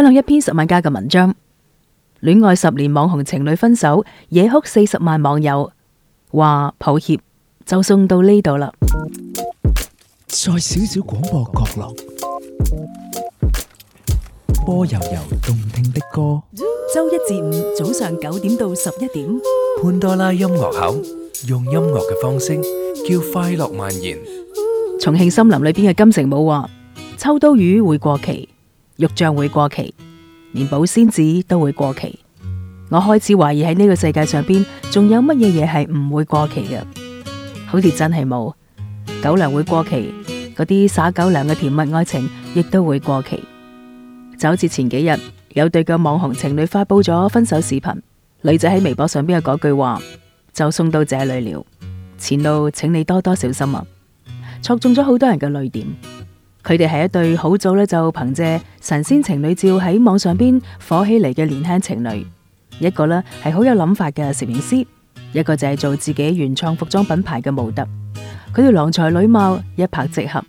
分享一篇十萬加嘅文章，戀愛十年網紅情侶分手，惹哭四十萬網友，話抱歉，就送到呢度啦。再少少廣播角落，波悠悠動聽的歌。周一至五早上九點到十一點，潘多拉音樂口用音樂嘅方式，叫快樂蔓延。重慶森林裏邊嘅金城武話：秋刀魚會過期。肉醬會過期，連保鮮紙都會過期。我開始懷疑喺呢個世界上邊仲有乜嘢嘢係唔會過期嘅，好似真係冇。狗糧會過期，嗰啲撒狗糧嘅甜蜜愛情亦都會過期。就好似前幾日有對嘅網紅情侶發佈咗分手視頻，女仔喺微博上邊嘅嗰句話就送到這裡了，前路請你多多小心啊，戳中咗好多人嘅淚點。佢哋係一對好早呢就憑借神仙情侶照喺網上邊火起嚟嘅年輕情侶，一個呢係好有諗法嘅攝影師，一個就係做自己原創服裝品牌嘅模特。佢哋郎才女貌，一拍即合。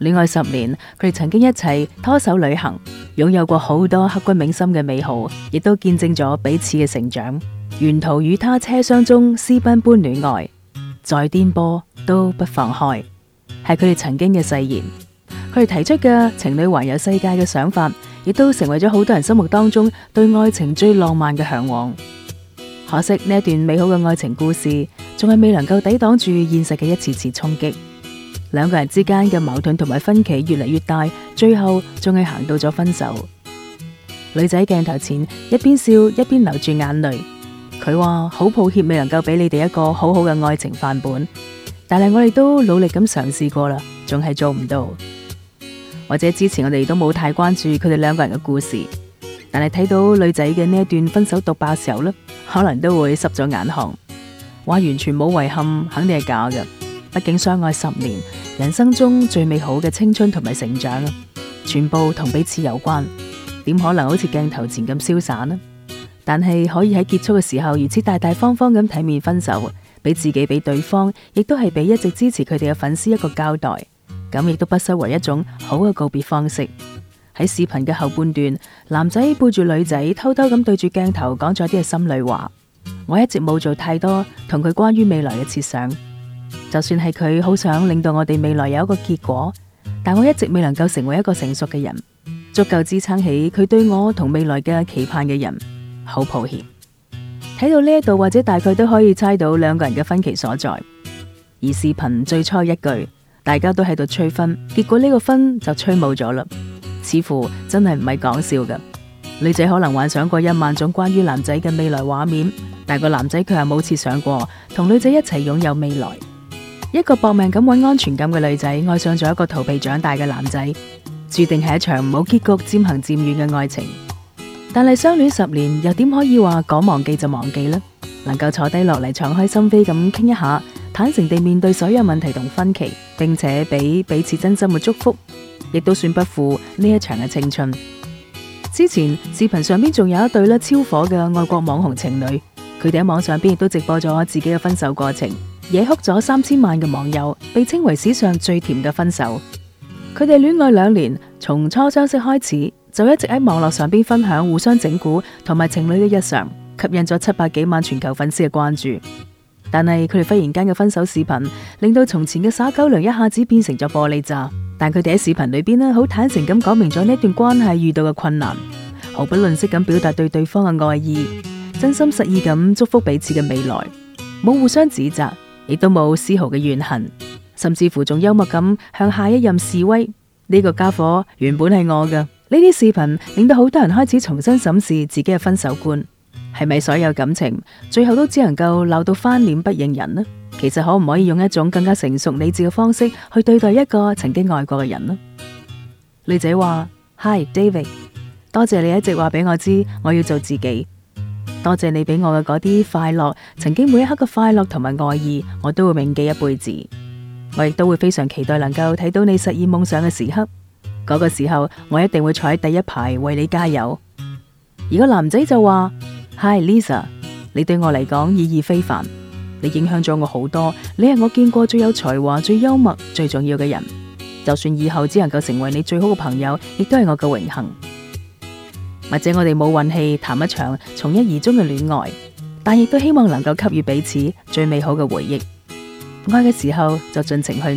戀愛十年，佢哋曾經一齊拖手旅行，擁有過好多刻骨銘心嘅美好，亦都見證咗彼此嘅成長。沿途與他車廂中私奔般戀愛，再顛簸都不放開，係佢哋曾經嘅誓言。佢哋提出嘅情侶環遊世界嘅想法，亦都成為咗好多人心目當中對愛情最浪漫嘅向往。可惜呢一段美好嘅愛情故事，仲係未能夠抵擋住現實嘅一次次衝擊。兩個人之間嘅矛盾同埋分歧越嚟越大，最後仲係行到咗分手。女仔鏡頭前一邊笑一邊流住眼淚，佢話好抱歉未能夠俾你哋一個好好嘅愛情範本，但係我哋都努力咁嘗試過啦，仲係做唔到。或者之前我哋都冇太關注佢哋兩個人嘅故事，但係睇到女仔嘅呢一段分手獨白時候呢，可能都會濕咗眼眶。話完全冇遺憾，肯定係假嘅。畢竟相愛十年，人生中最美好嘅青春同埋成長，全部同彼此有關。點可能好似鏡頭前咁瀟灑呢？但係可以喺結束嘅時候如此大大方方咁體面分手，俾自己，俾對方，亦都係俾一直支持佢哋嘅粉絲一個交代。咁亦都不失為一種好嘅告別方式。喺視頻嘅後半段，男仔背住女仔，偷偷咁對住鏡頭講咗啲嘅心裏話。我一直冇做太多同佢關於未來嘅設想，就算係佢好想令到我哋未來有一個結果，但我一直未能夠成為一個成熟嘅人，足夠支撐起佢對我同未來嘅期盼嘅人。好抱歉，睇到呢一度或者大概都可以猜到兩個人嘅分歧所在。而視頻最初一句。大家都喺度催婚，結果呢個婚就催冇咗啦，似乎真係唔係講笑噶。女仔可能幻想過一萬種關於男仔嘅未來畫面，但個男仔卻係冇設想過同女仔一齊擁有未來。一個搏命咁搵安全感嘅女仔愛上咗一個逃避長大嘅男仔，注定係一場冇結局、漸行漸遠嘅愛情。但係相戀十年，又點可以話講忘記就忘記呢？能夠坐低落嚟敞開心扉咁傾一下。坦誠地面對所有問題同分歧，並且俾彼此真心嘅祝福，亦都算不負呢一場嘅青春。之前視頻上邊仲有一對咧超火嘅外國網紅情侶，佢哋喺網上邊亦都直播咗自己嘅分手過程，惹哭咗三千萬嘅網友，被稱為史上最甜嘅分手。佢哋戀愛兩年，從初相識開始就一直喺網絡上邊分享互相整蠱同埋情侶嘅日常，吸引咗七百幾萬全球粉絲嘅關注。但係佢哋忽然間嘅分手視頻，令到從前嘅撒狗糧一下子變成咗玻璃渣。但佢哋喺視頻裏邊咧，好坦誠咁講明咗呢段關係遇到嘅困難，毫不吝嗇咁表達對對方嘅愛意，真心實意咁祝福彼此嘅未來，冇互相指責，亦都冇絲毫嘅怨恨，甚至乎仲幽默咁向下一任示威：呢個家伙原本係我㗎。呢啲視頻令到好多人開始重新審視自己嘅分手觀。係咪所有感情最後都只能夠鬧到翻臉不認人呢？其實可唔可以用一種更加成熟理智嘅方式去對待一個曾經愛過嘅人呢？女仔話：Hi，David，多謝你一直話俾我知我要做自己，多謝你俾我嘅嗰啲快樂，曾經每一刻嘅快樂同埋愛意，我都會銘記一輩子。我亦都會非常期待能夠睇到你實現夢想嘅時刻，嗰個時候我一定會坐喺第一排為你加油。而個男仔就話。Hi，Lisa，你對我嚟講意義非凡，你影響咗我好多，你係我見過最有才華、最幽默、最重要嘅人。就算以後只能夠成為你最好嘅朋友，亦都係我嘅榮幸。或者我哋冇運氣談一場從一而終嘅戀愛，但亦都希望能夠給予彼此最美好嘅回憶。愛嘅時候就盡情去愛，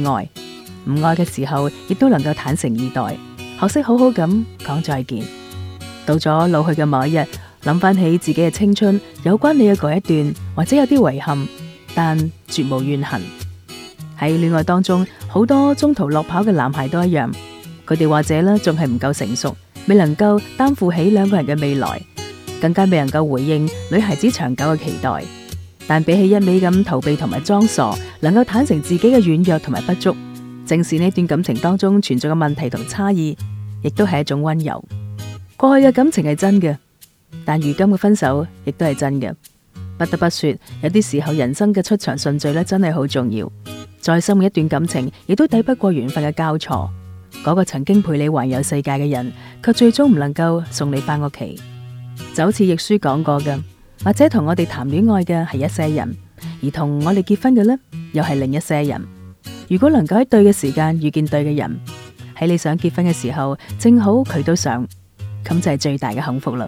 唔愛嘅時候亦都能夠坦誠以待，學識好好咁講再見。到咗老去嘅某一日，諗翻起自己嘅青春，有關你嘅嗰一段，或者有啲遺憾，但絕無怨恨。喺戀愛當中，好多中途落跑嘅男孩都一樣，佢哋或者咧仲係唔夠成熟，未能夠擔負起兩個人嘅未來，更加未能夠回應女孩子長久嘅期待。但比起一味咁逃避同埋裝傻，能夠坦誠自己嘅軟弱同埋不足，正視呢段感情當中存在嘅問題同差異，亦都係一種溫柔。過去嘅感情係真嘅。但如今嘅分手亦都係真嘅，不得不說，有啲時候人生嘅出場順序咧，真係好重要。再深嘅一段感情，亦都抵不過緣分嘅交錯。嗰個曾經陪你環遊世界嘅人，卻最終唔能夠送你翻屋企。就好似亦舒講過嘅，或者同我哋談戀愛嘅係一些人，而同我哋結婚嘅呢，又係另一些人。如果能夠喺對嘅時間遇見對嘅人，喺你想結婚嘅時候，正好佢都想，咁就係最大嘅幸福啦。